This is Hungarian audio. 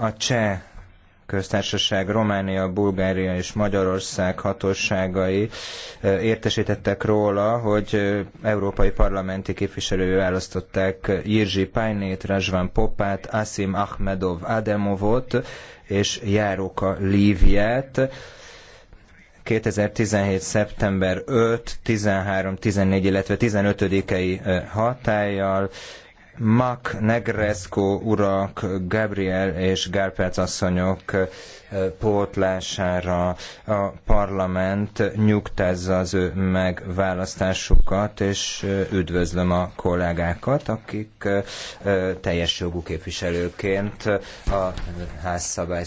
A, cseh köztársaság Románia, Bulgária és Magyarország hatóságai értesítettek róla, hogy európai parlamenti képviselői választották Jirzsi Pajnét, Rajvan Popát, Asim Ahmedov Ademovot és Járóka Líviát. 2017. szeptember 5, 13, 14, illetve 15-ei hatállyal Mac Negresco urak, Gabriel és Gárpác asszonyok eh, pótlására a parlament nyugtázza az ő megválasztásukat, és eh, üdvözlöm a kollégákat, akik eh, teljes jogú képviselőként a házszabály